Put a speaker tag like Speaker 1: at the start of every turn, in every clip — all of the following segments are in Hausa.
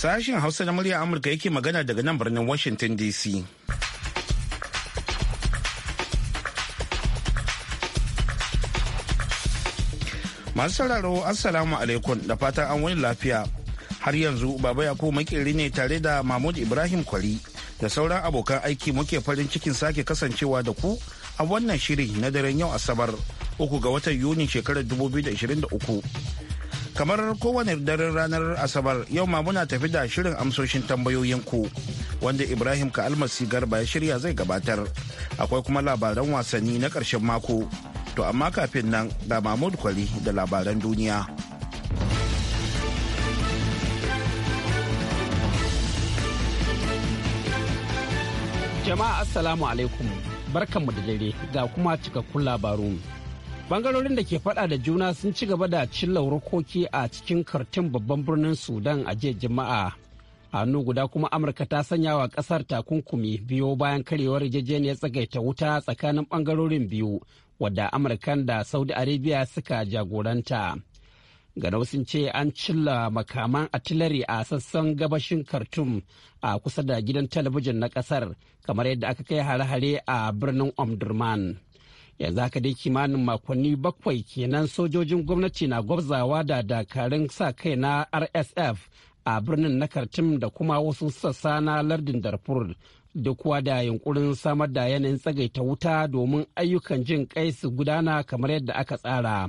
Speaker 1: Sashen Hausa na murya Amurka yake magana daga nan birnin Washington DC. Masu sauraro Assalamu alaikum da fatan an wani lafiya. Har yanzu Baba Yakubu makeri ne tare da Mahmud Ibrahim Kwari da sauran abokan aiki muke farin cikin sake kasancewa da ku a wannan shiri na daren yau Asabar uku ga watan Yuni shekarar 2023. kamar kowane daren ranar asabar yau ma muna tafi da shirin amsoshin tambayoyin ku wanda ibrahim ka almasi garba ya shirya zai gabatar akwai kuma labaran wasanni na ƙarshen mako to amma kafin nan da mahmud kwali da labaran duniya
Speaker 2: jama'a assalamu alaikum barkanmu da dare ga kuma cikakkun labaru bangarorin da ke fada da juna sun ci gaba da cilla rokoki a cikin kartin babban birnin sudan a jiya juma'a hannu guda kuma amurka ta sanya wa kasar takunkumi biyu bayan karewar yarjejeniyar tsagaita wuta tsakanin bangarorin biyu wadda amurkan da saudi arabia suka jagoranta ganau sun ce an cilla makaman atilari a sassan gabashin khartoum a kusa da gidan talabijin na kasar kamar yadda aka kai hare-hare a birnin omdurman yanzu haka dai kimanin makonni bakwai kenan sojojin gwamnati na gwabzawa da dakarun sa kai na rsf a birnin na kartim da kuma wasu sassa na lardin darfur duk da yunkurin samar da yanayin tsagaita wuta domin ayyukan jin kai su gudana kamar yadda aka tsara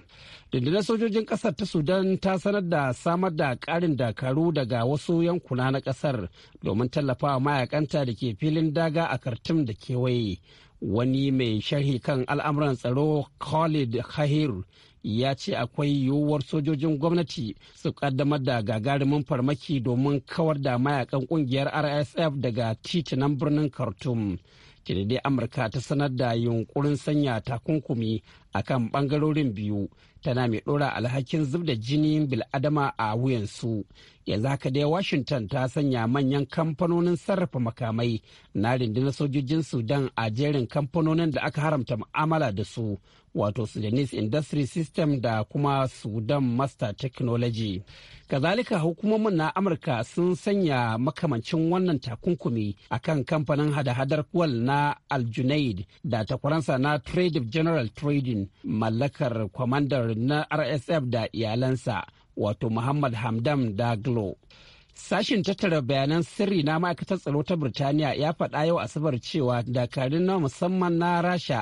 Speaker 2: rundunar sojojin kasar ta sudan ta sanar da samar da karin dakaru daga wasu yankuna na kasar domin tallafawa mayakanta da ke filin daga a kartim da kewaye wani mai sharhi kan al'amuran tsaro khalid khahir ya ce akwai yiwuwar sojojin gwamnati su kaddamar da gagarumin farmaki domin kawar da mayakan kungiyar rsf daga titinan birnin khartoum dai amurka ta sanar da yunkurin sanya takunkumi a kan bangarorin biyu tana mai ɗora alhakin zub da jinin biladama a wuyansu yanzu haka dai washington ta sanya manyan kamfanonin sarrafa makamai na rundunar sojojin sudan a jerin kamfanonin da aka haramta mu'amala da su wato sudanese industry system da kuma sudan master technology kazalika hukumomin na amurka sun sanya makamancin wannan takunkumi akan kamfanin hada-hadar kwal na aljunaid da takwaransa na trade general trading mallakar kwamandar na rsf da iyalansa wato muhammad hamdam daglo Sashin tattara bayanan sirri na ma'aikatar tsaro ta Birtaniya ya faɗa yau Asabar cewa dakarun na musamman na Rasha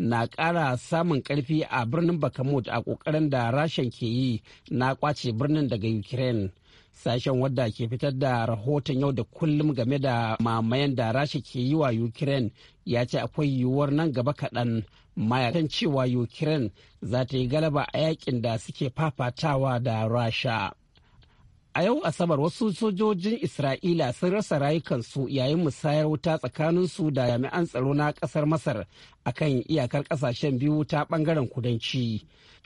Speaker 2: na ƙara samun ƙarfi a birnin bakamut a ƙoƙarin da rashen ke yi na kwace birnin daga ukraine sashen wadda ke fitar da rahoton yau da kullum game da mamayen da rasha ke yi wa ukraine ya ce akwai yiwuwar nan gaba kaɗan mayakan cewa ukraine za ta yi galaba a yakin da suke fafatawa da rasha A yau Asabar wasu sojojin Isra'ila sun rasa rayukansu yayin musayar wuta tsakaninsu da jami'an tsaro na ƙasar Masar a kan iyakar ƙasashen biyu ta ɓangaren kudanci.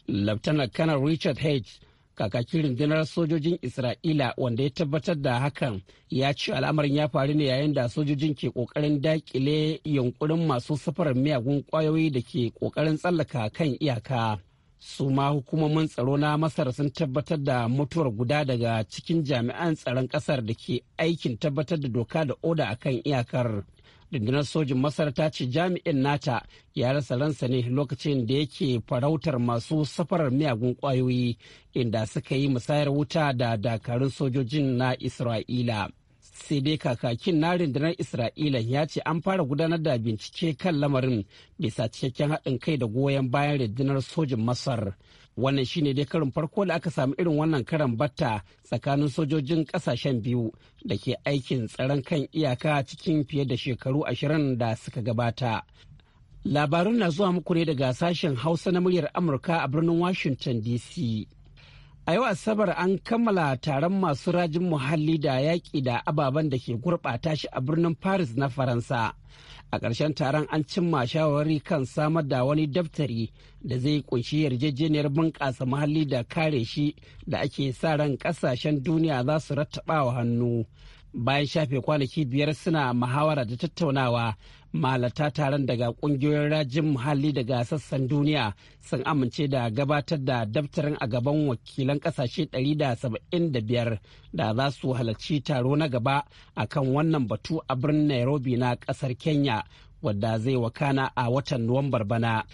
Speaker 2: Laftanar Kanar Richard H. kakakin rundunar sojojin Isra'ila wanda ya tabbatar da hakan ya ce al'amarin ya faru ne yayin da sojojin ke ƙoƙarin daƙile yunkurin masu safarar miyagun ƙwayoyi da ke ƙoƙarin tsallaka kan iyaka. su ma hukumomin tsaro na masar sun tabbatar da mutuwar guda daga cikin jami'an tsaron kasar da ke aikin tabbatar da doka da oda a kan iyakar rundunar sojin masar ta ce jami'in nata ya rasa ransa ne lokacin da yake farautar masu safarar miyagun kwayoyi inda suka yi musayar wuta da dakarun sojojin na isra'ila sai dai kakakin na rundunar isra'ila ya ce an fara gudanar da bincike kan lamarin bisa cikakken haɗin kai da goyon bayan rundunar sojin masar wannan shine dai karin farko da aka samu irin wannan karan batta tsakanin sojojin ƙasashen biyu da ke aikin tsaron kan iyaka cikin fiye da shekaru ashirin da suka gabata labarun na zuwa muku ne daga sashen hausa na muryar amurka a birnin washington dc A yau Asabar an kammala taron masu rajin muhalli da yaƙi da ababen da ke gurɓata shi a birnin Paris na Faransa. A ƙarshen taron an cimma shawarwari kan samar da wani daftari da zai kunshi yarjejeniyar bunƙasa muhalli da kare shi da ake sa ran ƙasashen duniya za su rattaɓa wa hannu. bayan shafe kwanaki biyar suna muhawara da tattaunawa malata taron daga kungiyoyin rajin muhalli daga sassan duniya sun amince da gabatar da daftarin a gaban wakilan kasashe 175 da za su halarci taro na gaba akan wannan batu a birnin nairobi na kasar kenya wadda zai wakana a watan nuwambar bana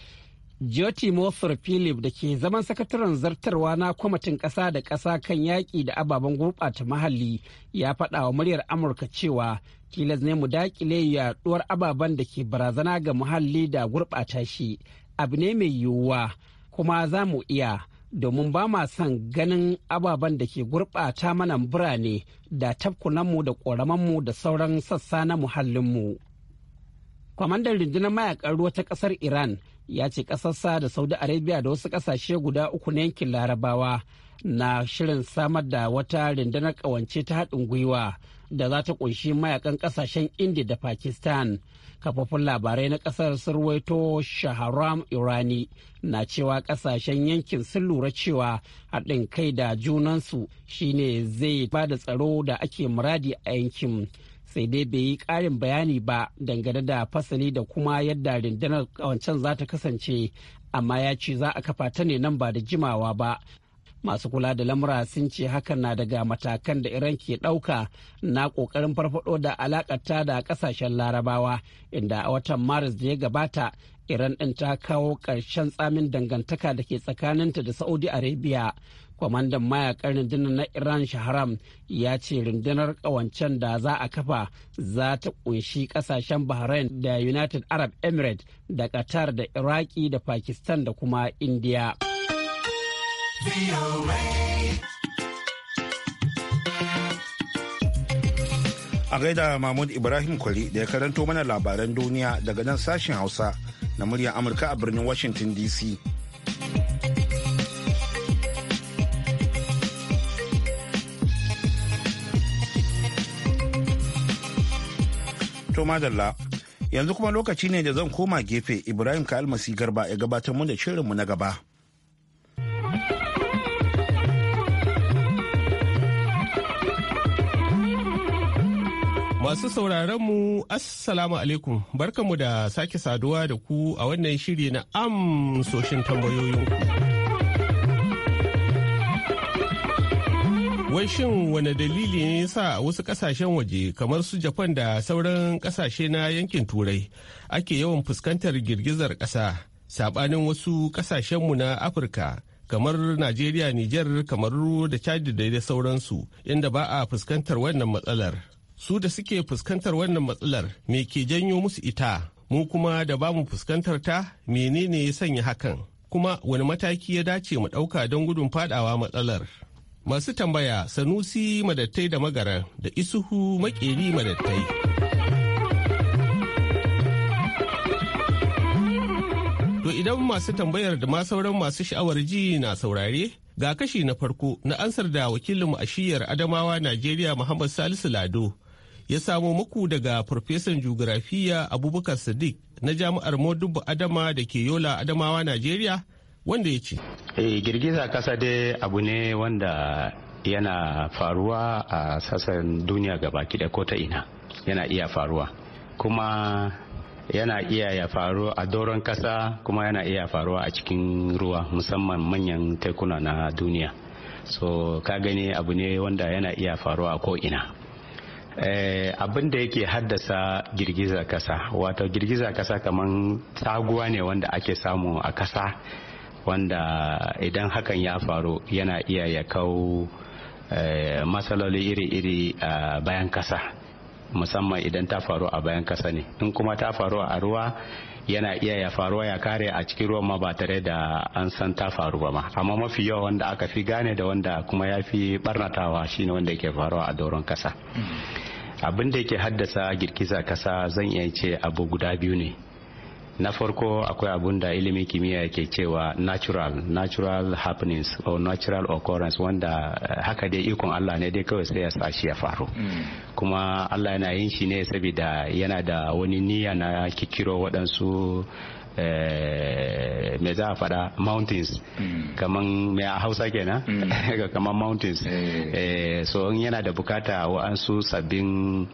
Speaker 2: Geotimothor Philip da ke zaman sakataren zartarwa na kwamitin ƙasa da ƙasa kan yaƙi da ababen gurɓata muhalli ya faɗa wa muryar Amurka cewa tilas ne mu daƙile yaɗuwar ababen da ke barazana ga muhalli da gurɓata shi abu ne mai yiwuwa kuma za mu iya domin ba ma son ganin ababen da ke gurɓata mana birane da tafkunanmu da ƙoramanmu da sauran sassa na muhallinmu. Kwamandan rundunar mayakan ruwa ta ƙasar Iran ya ce ƙasarsa da saudi arabia da wasu ƙasashe guda uku na yankin larabawa na shirin samar da wata rundunar ƙawance ta haɗin gwiwa da za ta ƙunshi mayakan ƙasashen india da pakistan kafofin labarai na ƙasar surwaito shaharam irani na cewa ƙasashen yankin sun lura cewa haɗin kai da junansu shine zai ba da tsaro da ake muradi a yankin sai dai bai yi ƙarin bayani ba dangane da fasali da kuma yadda rundunar wancan za ta kasance amma ya ce za a kafa ta ne nan ba da jimawa ba masu kula da lamura sun ce hakan na daga matakan da iran ke ɗauka na ƙoƙarin farfaɗo da alakata da ƙasashen larabawa inda a watan maris da ya gabata iran ɗin ta kawo ƙarshen tsamin dangantaka da ke tsakaninta da saudi arabia kwamandan mayakan rundunar na iran shaharam ya ce rundunar kawancen da za a kafa za ta kunshi kasashen bahrain da united arab emirates da qatar da iraki da pakistan da kuma india
Speaker 1: a gaida mahmud ibrahim kwali da ya karanto mana labaran duniya daga nan sashen hausa na murya amurka a birnin washington dc to madalla yanzu kuma lokaci ne da zan koma gefe ibrahim ka almasi garba ya gabatar mu da mu na gaba
Speaker 3: Masu sauraron mu Assalamu alaikum barkanmu da sake saduwa da ku a wannan shiri na amsoshin tambayoyinku. Wai shin wane dalili ne sa wasu kasashen waje kamar su Japan da sauran kasashe na yankin Turai ake yawan fuskantar girgizar ƙasa saɓanin wasu kasashenmu na Afirka kamar Najeriya, Nijar, kamar da Chad da sauransu inda ba a fuskantar wannan matsalar. Su da suke fuskantar wannan matsalar me ke janyo musu ita, mu kuma da ba mu fuskantar ta menene ya sanya hakan, kuma wani mataki ya dace mu ɗauka don gudun faɗawa matsalar. Masu tambaya Sanusi Madattai da Magara da Isuhu Makeri Madattai. To idan masu tambayar da ma sauran masu sha'awar ji na saurare ga kashi na farko na ansar da wakilinmu a shiyar Adamawa Najeriya Muhammad Salisu Lado ya samo muku daga Farfesan Jugurafiya Abubakar Sadiq na Jami'ar Modubba Adama da ke Yola Adamawa Najeriya
Speaker 4: wanda ya ce eh, girgiza kasa dai abu ne wanda yana faruwa a sassan duniya gaba ɗaya ko ta ina yana iya faruwa kuma yana iya ya faru a doron kasa kuma yana iya faruwa a cikin ruwa musamman manyan tekuna na duniya so ka gani abu ne wanda yana iya faruwa a ko'ina Eh, abin da yake haddasa girgiza kasa wato girgiza kasa kamar taguwa ne wanda ake samu a kasa wanda idan hakan ya faru yana iya ya kawo eh, matsaloli iri-iri a bayan kasa musamman idan ta faru a bayan kasa ne in kuma ta faru a ruwa yana iya ya faruwa ya kare a cikin ruwan ma ba tare da an san ta faru ba ma amma mafi yawa wanda aka fi gane da wanda kuma ya fi barnatawa shine wanda yake faruwa a doron kasa mm. abinda da yake haddasa girgiza kasa zan iya ce abu guda biyu ne na farko akwai abun da ilimin kimiyya ke cewa natural natural happenings or natural occurrence wanda eh, haka dai ikon Allah ne dai kawai sai ya sa shi ya faru hmm. kuma Allah yana yin shi ne saboda yana da wani niyya na kikiro waɗansu eh, me za a faɗa mountains hmm. Kamar me a hausa kenan hmm. kamar mountains eh. so yana da bukata wa'ansu sabbin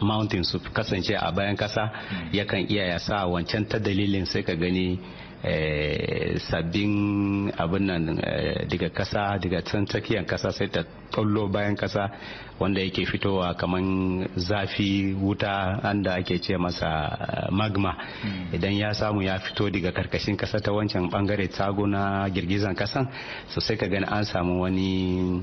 Speaker 4: mountain su kasance a bayan kasa yakan iya ya sa wancan ta dalilin sai ka gani eh, sabbin abin nan eh, daga kasa daga can tsakiyar kasa sai ta tsallo bayan kasa wanda yake fitowa kamar zafi wuta anda ake ce masa eh, magma hmm. idan ya samu ya fito daga karkashin kasa ta wancan bangare tago na girgizan kasan so sai ka gani an samu wani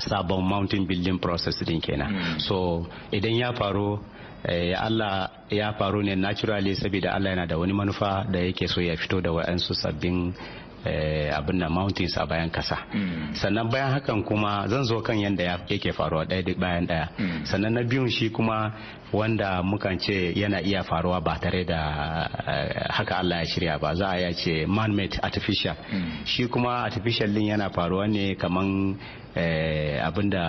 Speaker 4: sabon mountain building process din kenan hmm. so idan ya faru eh, Allah ya faru ne naturally saboda Allah yana da wani manufa da yake so ya fito da wa'ansu sabbin eh, abin na mountains a bayan kasa hmm. sannan bayan hakan kuma zan zo kan yadda yake faruwa ɗaya duk bayan ɗaya hmm. sannan na biyun shi kuma wanda mukan ce yana iya faruwa ba tare da eh, haka Allah ya shirya ba za a ya ce man-made artificial shi kuma artificial din yana faruwa ne kaman Eh, abinda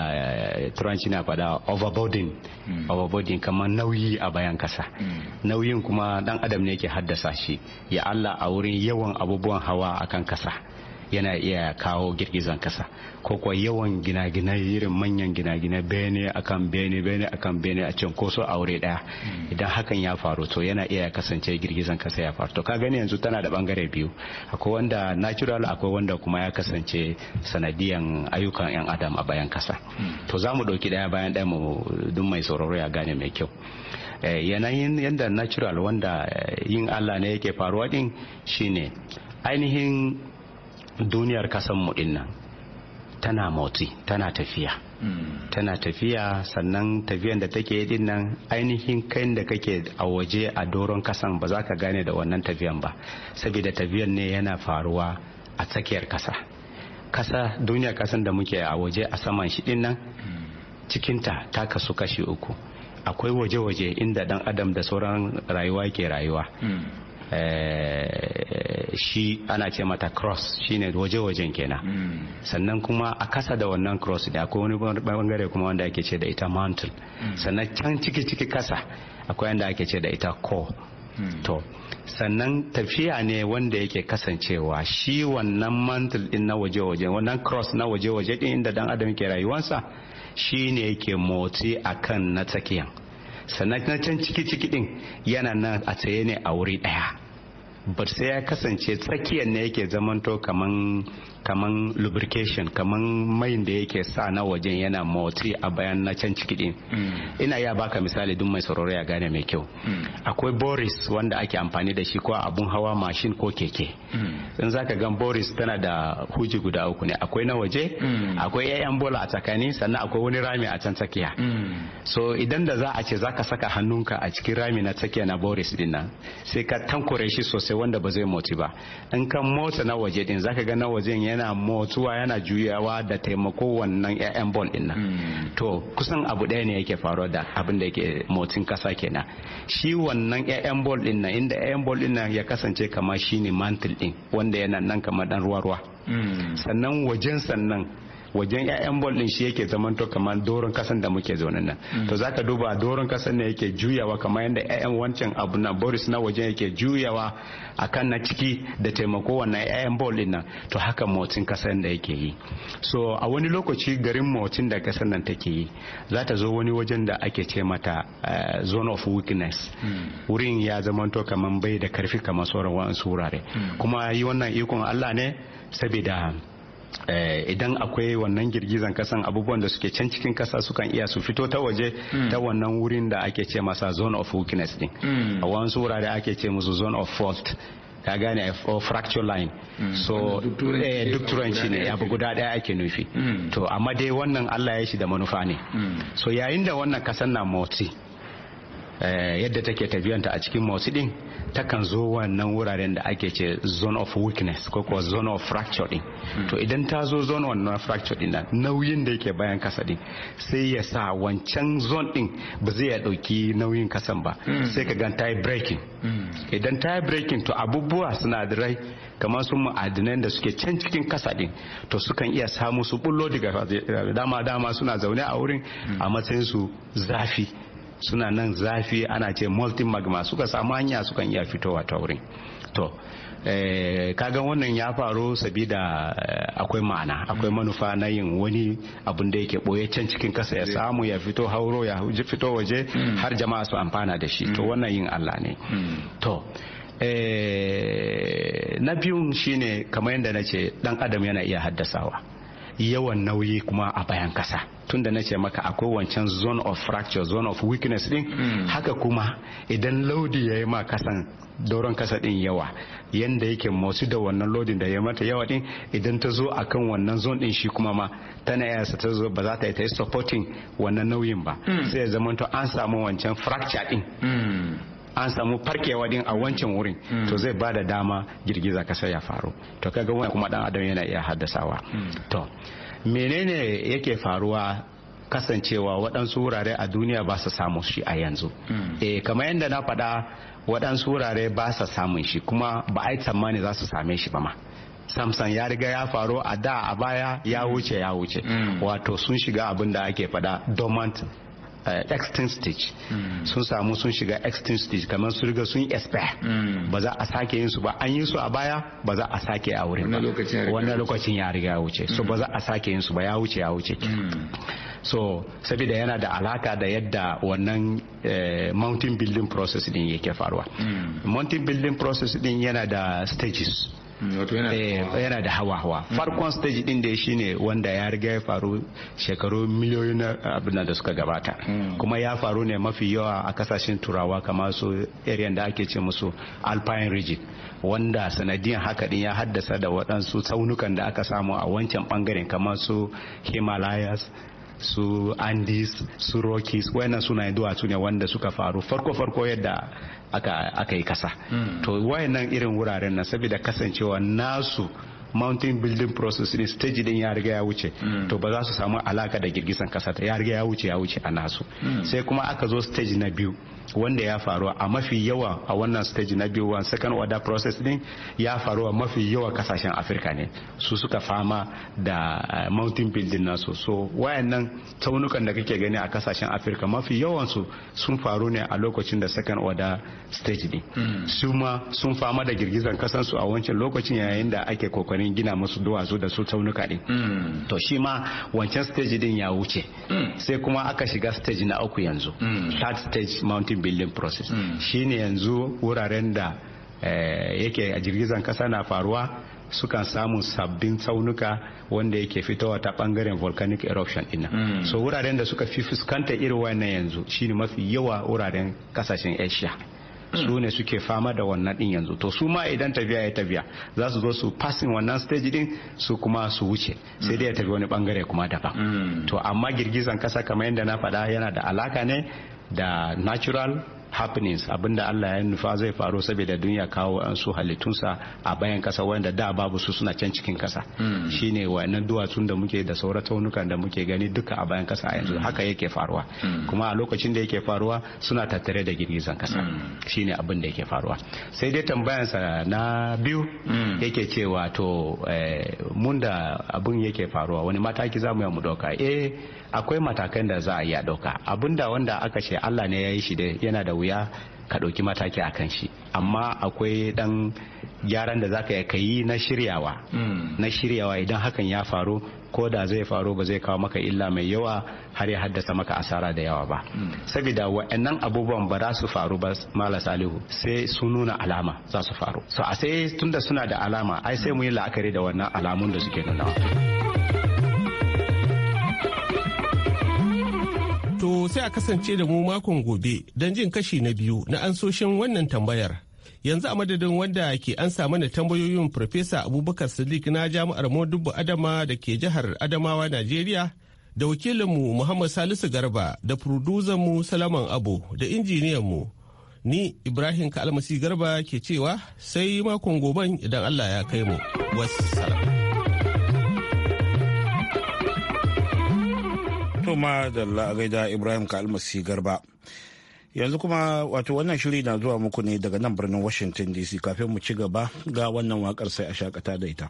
Speaker 4: eh, turanci na faɗa overboarding mm. overboarding kamar nauyi a bayan kasa mm. nauyin kuma dan adam ne ke haddasa shi ya Allah a wurin yawan abubuwan hawa akan kasa yana iya kawo girgizan kasa ko kuwa yawan gina-gina irin manyan gina-gina bene akan bene bene akan bene a can ko so aure daya hmm. idan hakan ya faru to yana iya kasance girgizan kasa ya faru to ka gani yanzu tana da bangare biyu akwai wanda natural akwai wanda kuma ya kasance sanadiyan ayyukan yan adam a bayan kasa hmm. to za mu ɗauki daya bayan daya mu duk mai sauraro ya gane mai kyau eh, yanayin yanda natural wanda eh, yin allah ne yake faruwa din shine ainihin duniyar kasan din nan tana motsi tana tafiya hmm. tana tafiya sannan tafiyan da take din nan ainihin kai da kake a waje a doron kasan ba za ka gane da wannan tafiyan ba saboda tafiyan ne yana faruwa a tsakiyar kasa kasa duniya kasan da muke a waje a saman shi din nan hmm. cikinta ta kasu kashi uku akwai waje-waje inda dan adam da sauran rayuwa ke rayuwa hmm. Eh, shi ana ce mata cross shine waje-wajen kenan mm. sannan kuma a kasa da wannan cross da akwai wani bangare kuma wanda ake ce da ita mantle mm. sannan can ciki-ciki kasa akwai wanda ake ce da ita core mm. to sannan tafiya ne wanda yake kasancewa shi wannan mantle din na waje-waje wannan cross na waje-waje din inda dan adam ke rayuwansa shi ne yake motsi akan na tsakiyan sannan na can ciki ciki din yana nan a tsaye ne a wuri daya bar sai ya kasance tsakiyar ne yake zamanto kaman kaman lubrication kaman mai da yake sa na wajen yana motsi a bayan na can ciki din mm. ina iya baka misali duk mai sauraro ya gane mai kyau mm. akwai boris wanda ake amfani da shi ko abun hawa mashin ko keke mm. in zaka gan boris tana da huji guda uku ne akwai na waje akwai yayan bola a tsakani sannan akwai wani rami a can tsakiya so idan da za a ce zaka saka hannunka a cikin rami na tsakiya na boris din nan sai ka tankure shi sosai wanda ba zai motsi ba in ka motsa na waje din zaka ga na wajen yana motsuwa yana juyawa da taimako wannan 'ya'yan bol din nan hmm. to kusan abu ɗaya ne yake faruwa da abin da yake motsin kasa kenan shi wannan 'ya'yan ball din nan inda 'ya'yan bol din nan ya kasance kamar shine mantle din wanda yana nan kamar dan ruwa-ruwa hmm. sannan wajen sannan wajen 'ya'yan bol din shi yake to kamar doron kasan da muke zaune nan mm. to zaka duba doron kasan ne yake juyawa kamar yadda 'ya'yan wancan abu na boris na wajen yake juyawa akan na ciki da taimako wannan 'ya'yan bol din nan to haka motsin kasan da yake yi so a wani lokaci garin motsin da kasan nan take yi za ta zo wani wajen da ake ce mata eh, zone of weakness mm. wurin ya zamanto kamar bai da karfi kamar sauran wa'ansu wurare mm. kuma yi wannan ikon allah ne saboda Eh, idan akwai wannan girgizan kasan abubuwan da suke can cikin kasa sukan iya su fito ta waje hmm. ta wannan wurin da ake ce masa zone of weakness din hmm. a wasu wurare ake ce musu zone of fault ka gane a oh, fracture line hmm. so eh, duk turanci ne abu guda daya ake nufi to amma dai wannan allah ya shi da manufa ne so yayin da wannan kasan na motsi eh, yadda take tafiyanta a cikin motsi din takan zo wannan wuraren da ake ce zone of weakness ko kuwa zone of fracture din hmm. to idan ta zo zone wannan fracture din nan nauyin da yake bayan kasa din sai ya sa wancan zone din ba zai ya dauki nauyin kasan ba hmm. sai ka gan tie yi breaking hmm. idan ta breaking to abubuwa sinadarai kamar su ma'adinan da suke can cikin kasa din to sukan iya samu su bullo daga dama dama suna zaune a wurin a matsayin su zafi suna nan zafi ana ce molten magma suka samu hanya sukan iya fitowa ta wurin to eh, kagan wannan ya faru sabida eh, akwai ma'ana akwai manufa na yin wani abun da yake boye can cikin kasa ya samu ya fito hauro ya fito waje har jama'a su amfana da shi to wannan yin Allah ne to eh, na biyun shine kamar yadda na ce dan adam yana iya haddasawa yawan nauyi kuma a bayan kasa tunda na ce maka akwai wancan zone of fracture zone of weakness din hmm. haka kuma idan laudi ya yi ma kasan doron kasa din yawa yanda yake motsi da wannan lodin da ya mata yawa din idan ta zo akan wannan zone din shi kuma ma tana iya ta zo ba za ta yi ta supporting wannan nauyin ba hmm. sai ya zama to an samu wancan fracture din hmm. an samu farkewa din a wancan wurin hmm. to zai ba da dama girgiza kasa ya faru to kaga wani kuma dan adam yana iya haddasawa hmm. to menene yake faruwa kasancewa waɗansu wurare a duniya ba su samun shi a yanzu hmm. eh kamar yadda na faɗa waɗansu wurare ba su samun shi kuma ba a yi tsammani za su same shi ba ma samson ya riga ya faru a da a baya ya wuce ya wuce wato sun shiga abin da ake faɗa dormant Eh, extreme stage hmm. sun samu sun shiga extreme stage kamar sun riga sun expire hmm. ba za a sake yin su ba an yi su a baya ba za a sake a wurin ba wannan lokacin ya riga ya wuce so ba za a sake yin su ba ya wuce ya wuce hmm. so saboda yana da alaka da yadda wannan eh, mountain building process din yake faruwa mm. mountain building process din yana da stages Mm, eh, yana da hawa hawa mm. farkon stage din da shine wanda ya riga ya faru shekaru miliyoyin na abin da suka gabata mm. kuma ya faru ne mafi yawa a kasashen turawa kamar su area da ake ce musu alpine region wanda sanadiyan haka din ya haddasa da waɗansu tsaunukan da aka samu a wancan bangaren kamar su himalayas su andis su rockies wayannan sunayen duwatsu ne wanda suka faru farko farko yadda aka, yi kasa hmm. to wayannan irin wuraren na saboda kasancewa nasu mountain building process ne stage din ya riga ya wuce hmm. to ba za su samu alaka da girgizan kasa ta ya riga ya wuce ya wuce a nasu hmm. sai kuma aka zo stage na biyu wanda ya faru a mafi yawa a wannan stage na biyu one second order process din ya faru a mafi yawa kasashen afirka ne su suka fama da eh, mountain building nasu so wayannan taunukan da kake gani a kasashen afirka mafi yawansu sun faru ne a lokacin da second order stage din hmm. su ma sun fama da girgizan kasansu a wancan lokacin yayin da ake kokarin domin gina musu duwatsu da su taunuka din mm. to shi ma wancan stage din ya wuce mm. sai kuma aka shiga stage na uku yanzu mm. third stage mountain building process ne yanzu wuraren da eh, yake a girgizan kasa na faruwa sukan samu sabbin tsaunuka wanda yake fitowa ta bangaren volcanic eruption ina so wuraren da suka fi fuskanta irin wannan yanzu shine mafi yawa wuraren kasashen asia su ne suke fama da wannan din yanzu to su ma idan tafiya ya tafiya za su zo su passing wannan stage din su kuma su wuce sai dai ya tafi wani bangare kuma daban mm. to amma girgizan kasa kamar yadda na faɗa yana da alaka ne da natural happenings abinda Allah ya nufa zai faru saboda duniya kawo an su halittunsa a bayan kasa wanda da babu su suna can cikin kasa hmm. shine wannan duwatsun da muke da sauran taunukan da muke gani duka a bayan kasa a yanzu hmm. haka yake faruwa hmm. kuma a lokacin da yake faruwa suna tattare da girgizan kasa shine abin da yake faruwa sai dai sa na biyu yake cewa to eh, mun da abin yake faruwa wani mataki za mu ya mu ɗauka. eh akwai matakan da za a iya doka abinda wanda aka ce Allah ne ya yi shi dai yana da wuya ka ɗauki mataki a kan shi amma akwai ɗan gyaran da za ka yi na shiryawa mm. na shiryawa idan hakan ya faru ko da zai faru ba zai kawo maka illa mai yawa har ya haddasa maka asara da yawa ba mm. saboda wa'annan abubuwan ba za su faru ba mala salihu sai su nuna alama za su faru so a sai tunda suna da alama ai sai mu yi la'akari da wannan alamun da suke nunawa
Speaker 3: sai a kasance da mu makon gobe don jin kashi na biyu na ansoshin wannan tambayar. Yanzu a madadin wanda ke an ansa mana tambayoyin Farfesa Abubakar Sadiq na Jami'ar Modubu Adama da ke jihar Adamawa, Najeriya, da wakilinmu Muhammad Salisu Garba da mu Salaman Abu da injiniyanmu ni Ibrahim Kalmasi Garba ke cewa sai makon goben idan Allah ya kai mu. Wassalam. To
Speaker 1: ma da la'agaida Ibrahim Kalmasi Garba. Yanzu kuma wato wannan shiri na zuwa muku ne daga nan birnin Washington DC kafin mu ci gaba ga wannan wakar sai a shakata da ita.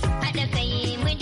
Speaker 1: Haɗa kai mu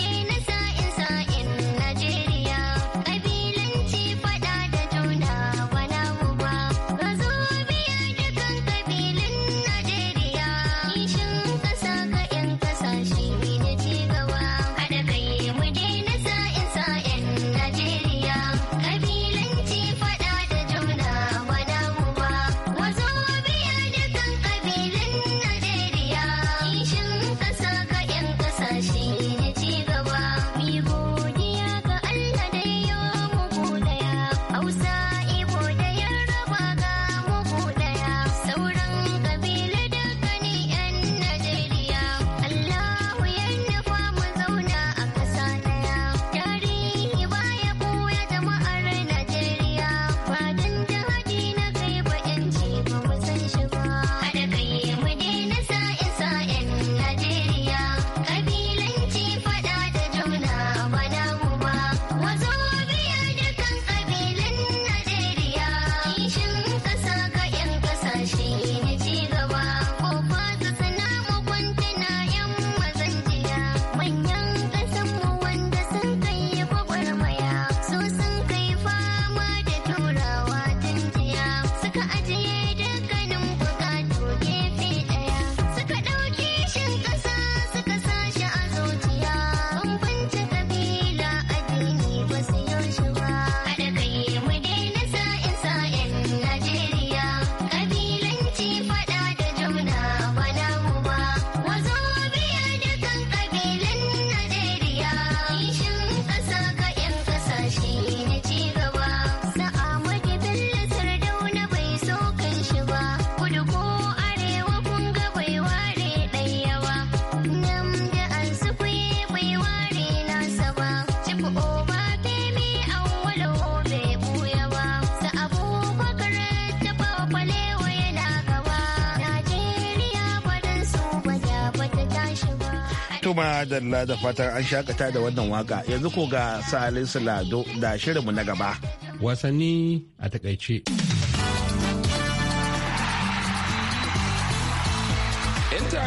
Speaker 1: fatuma Dalla da fatan an shakata da wannan waka yanzu ko ga Salisu Lado da shirinmu na
Speaker 3: gaba. Wasanni a takaice.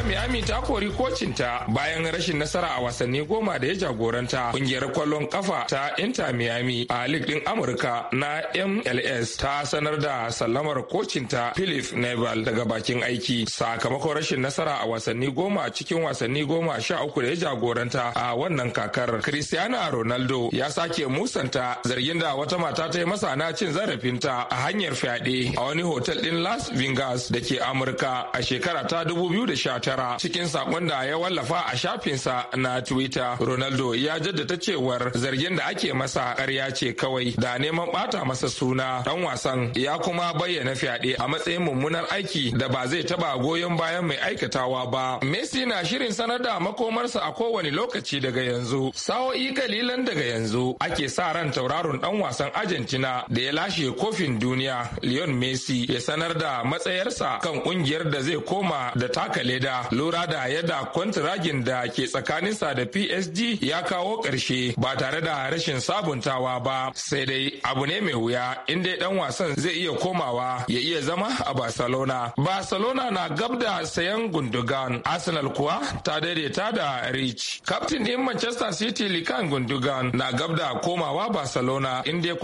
Speaker 5: da Miami ta kori kocinta bayan rashin nasara a wasanni goma da ya jagoranta kungiyar kwallon kafa ta Inter Miami a League din Amurka na MLS ta sanar da sallamar kocinta Philip Neville daga bakin aiki sakamakon rashin nasara a wasanni goma cikin wasanni goma sha uku da ya jagoranta a wannan kakar. Cristiano Ronaldo ya sake musanta zargin da wata mata ta yi masa na cin zarafinta a hanyar fyaɗe a wani hotel din Las Vegas da ke Amurka a shekara ta 2019. tara cikin sakon da ya wallafa a shafinsa na Twitter. Ronaldo ya jaddada cewar zargin da ake masa karya ce kawai da neman bata masa suna dan wasan ya kuma bayyana fyaɗe a matsayin mummunar aiki da ba zai taba goyon bayan mai aikatawa ba. Messi na shirin sanar da makomarsa a kowane lokaci daga yanzu. Sa'o'i kalilan daga yanzu ake sa ran tauraron dan wasan Argentina da ya lashe kofin duniya Lionel Messi ya sanar da matsayarsa kan kungiyar da zai koma da taka leda lura da yadda kwantiragin da ke tsakaninsa da psg ya kawo ƙarshe ba tare da rashin sabuntawa ba sai dai abu ne mai wuya inda dan wasan zai iya komawa ya iya zama a barcelona barcelona na gab da sayan gundogan arsenal kuwa ta daidaita da rich kaftin din manchester city likan gundogan na gab da komawa barcelona inda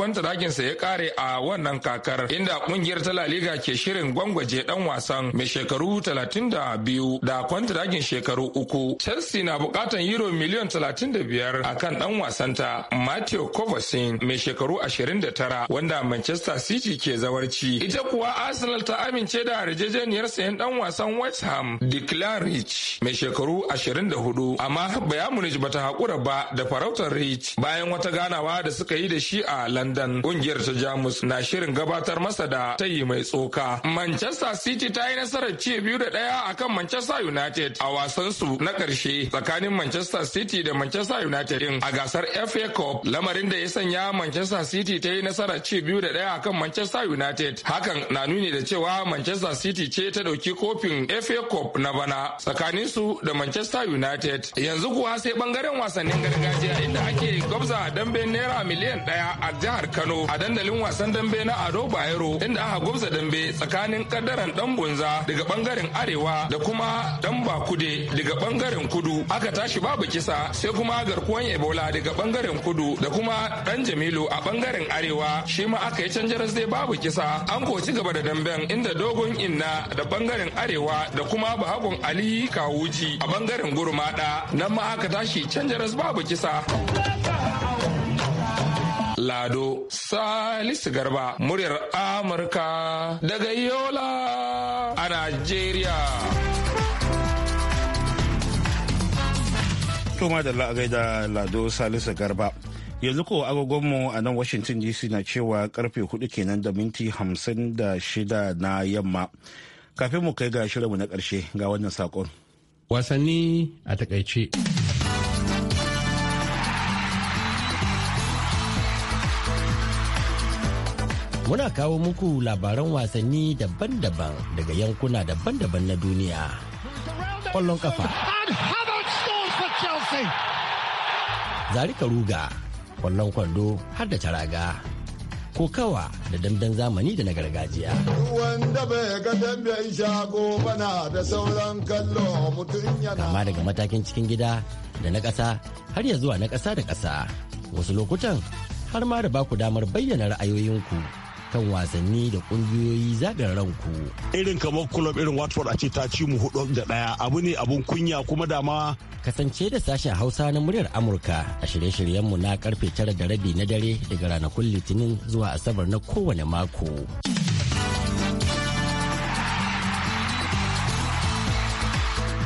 Speaker 5: sa ya kare a wannan kakar inda kungiyar ta la liga ke shirin gwangwaje dan wasan mai shekaru 32 da kwantiragin shekaru uku. Chelsea na bukatan euro miliyan 35 a kan wasan ta Mateo Kovacic mai shekaru 29 wanda Manchester City ke zawarci. Ita kuwa Arsenal ta amince da yarjejeniyar sayan dan wasan West Ham Declan Rich mai shekaru 24 amma Bayern Munich bata hakura ba da farautar Rich bayan wata ganawa da suka yi da shi a London. Kungiyar ta Jamus na shirin gabatar masa da tayi mai tsoka. Manchester City ta yi nasarar ci biyu da ɗaya akan Manchester Manchester United a wasansu na ƙarshe tsakanin Manchester City da Manchester United din a gasar FA Cup lamarin da ya sanya Manchester City ta yi nasara ci biyu da ɗaya akan Manchester United. Hakan na nuni da cewa Manchester City ce ta ɗauki kofin FA Cup na bana tsakanin su da Manchester United. Yanzu kuwa sai bangaren wasannin gargajiya inda ake gwabza dambe naira miliyan ɗaya a jihar Kano a dandalin wasan dambe na Ado Bayero inda aka gwabza dambe tsakanin kaddaran dan bunza daga bangaren arewa da kuma kuma dan bakude daga bangaren kudu aka tashi babu kisa sai kuma garkuwan ebola daga bangaren kudu da kuma dan jamilu a bangaren arewa shi ma aka yi canjaras dai babu kisa an ko ci gaba da damben inda dogon inna da bangaren arewa da kuma bahagon ali kawuji a bangaren gurmada nan ma aka tashi canjaras babu kisa Lado Salisu Garba muryar Amurka daga Yola a Najeriya.
Speaker 1: To ma da la'agai da Lado Salisu Garba. Yanzu ko agogonmu a nan Washington DC na cewa karfe hudu kenan da minti hamsin da shida na yamma. Kafin mu kai ga shirinmu na karshe ga wannan saƙon.
Speaker 3: Wasanni a takaice.
Speaker 2: Muna kawo muku labaran wasanni daban-daban daga yankuna daban-daban na duniya. Kwallon kafa. sosai zarika ruga kwallon kwando har da taraga ko kawa da damben zamani da na gargajiya. Wanda bai ga damben
Speaker 1: shago bana da sauran kallo mutum yana.
Speaker 2: Kama daga matakin cikin gida da na ƙasa har ya zuwa na ƙasa da ƙasa. Wasu lokutan har ma da baku damar bayyana ra'ayoyinku. kan wasanni da kungiyoyi zaɓin ranku.
Speaker 3: Irin kamar
Speaker 1: kulob irin Watford a ce ta ci mu hudu da ɗaya abu ne abun kunya kuma dama.
Speaker 2: Kasance da sashen Hausa na muryar Amurka a shirye-shiryenmu na karfe tara da rabi na dare daga ranakun Litinin zuwa Asabar na kowane mako.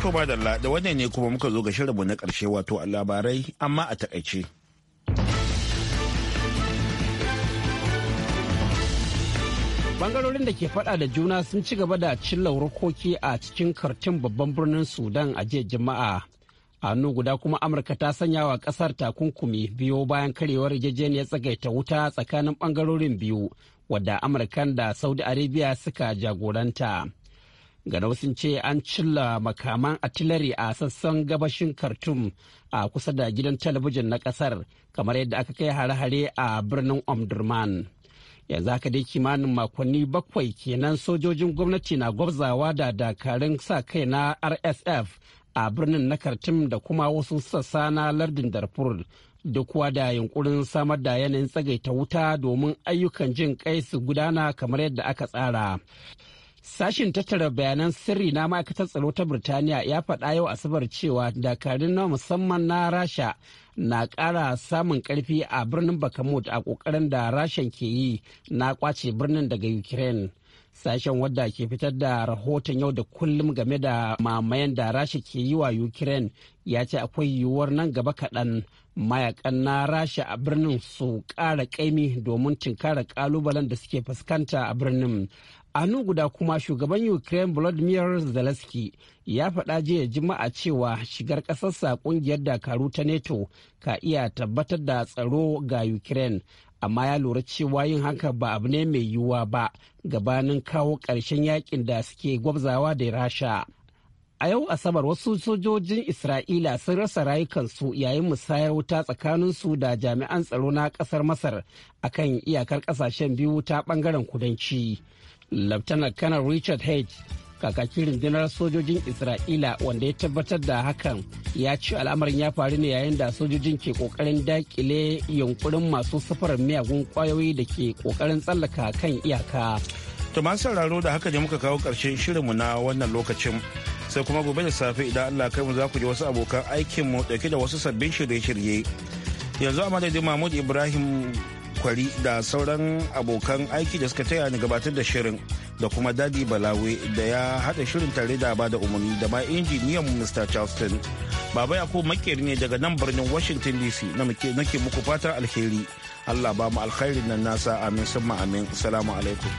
Speaker 1: To da wannan ne kuma muka zo ga shirinmu na ƙarshe wato a labarai amma a takaice.
Speaker 2: bangarorin da ke fada da juna sun ci gaba da cilla rokoki a cikin kartin babban birnin sudan a jiya juma'a a nan guda kuma amurka ta sanya wa kasar takunkumi biyu bayan karewar yarjejeniyar tsagaita wuta tsakanin bangarorin biyu wadda amurkan da saudi arabia suka jagoranta ganau sun ce an cilla makaman artillery a sassan gabashin khartoum a kusa da gidan talabijin na kasar kamar yadda aka kai hare-hare a birnin omdurman yanzu haka dai kimanin makonni bakwai kenan sojojin gwamnati na gwabzawa da dakarun sa kai na rsf a birnin na kartim da kuma wasu sassa na lardin darfur duk da yunkurin samar da yanayin tsagaita wuta domin ayyukan jin kai su gudana kamar yadda aka tsara Sashen tattara bayanan sirri na ma'aikatar tsaro ta Birtaniya ya faɗa yau Asabar cewa dakarun na musamman na Rasha na ƙara samun ƙarfi a birnin Bakamut a ƙoƙarin da Rashan ke yi na ƙwace birnin daga Ukraine. Sashen wadda ke fitar da rahoton yau da kullum game da mamayen da Rasha ke yi wa Ukraine ya ce akwai yiwuwar nan gaba kaɗan mayakan na rasha a birnin su ƙara ƙaimi domin tunkara ƙalubalen da suke fuskanta a birnin a nan guda kuma shugaban ukraine volodymyr zelensky ya faɗa jiya juma'a cewa shigar ƙasarsa ƙungiyar dakaru ta neto ka iya tabbatar da tsaro ga ukraine amma ya lura cewa yin haka ba abu ne mai yiwuwa ba gabanin kawo ƙarshen yakin da suke gwabzawa da rasha a yau asabar wasu sojojin isra'ila sun rasa rayukansu yayin musayar wuta tsakanin su da jami'an tsaro na ƙasar masar akan iyakar ƙasashen biyu ta ɓangaren kudanci Laftanar Kanar Richard H. kakakin rundunar sojojin Isra'ila wanda ya tabbatar da hakan ya ce al'amarin ya faru ne yayin da sojojin ke kokarin dakile yunkurin masu safarar miyagun kwayoyi da ke kokarin tsallaka kan iyaka.
Speaker 1: To masu sauraro da haka ne muka kawo ƙarshen shirinmu na wannan lokacin. Sai kuma gobe da safe idan Allah kai mu za ku ji wasu abokan aikinmu dauke da wasu sabbin shirye-shirye. Yanzu a madadin Mahmud Ibrahim kwari da sauran abokan aiki da suka taya ni gabatar da shirin da kuma dadi balawe da ya haɗa shirin tare da bada umarni da ma injiniyan mr charleston baba yakubu makeri ne daga nan birnin washington dc na nake muku fatan alheri allah ba mu alkhairin nan nasa amin sun amin salamu alaikum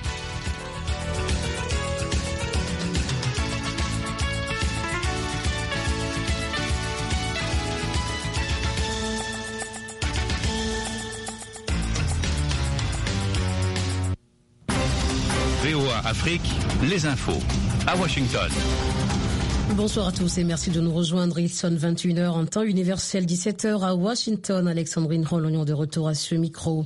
Speaker 3: Afrique, les infos
Speaker 6: à Washington.
Speaker 2: Bonsoir à tous et merci de nous rejoindre. Il sonne 21h en temps universel, 17h à Washington. Alexandrine Roll, de retour à ce micro.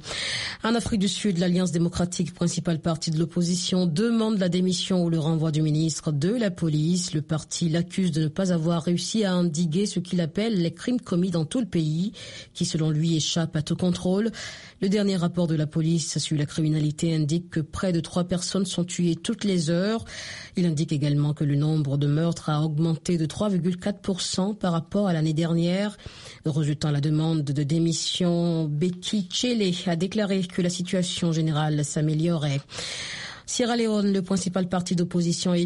Speaker 2: En Afrique du Sud, l'Alliance démocratique, principale partie de l'opposition, demande la démission ou le renvoi du ministre de la police. Le parti l'accuse de ne pas avoir réussi à indiguer ce qu'il appelle les crimes commis dans tout le pays, qui selon lui échappent à tout contrôle. Le dernier rapport de la police sur la criminalité indique que près de trois personnes sont tuées toutes les heures. Il indique également que le nombre de meurtres a augmenté de 3,4% par rapport à l'année dernière. Rejetant la demande de démission, Betty Chele a déclaré que la situation générale s'améliorait. Sierra Leone, le principal parti d'opposition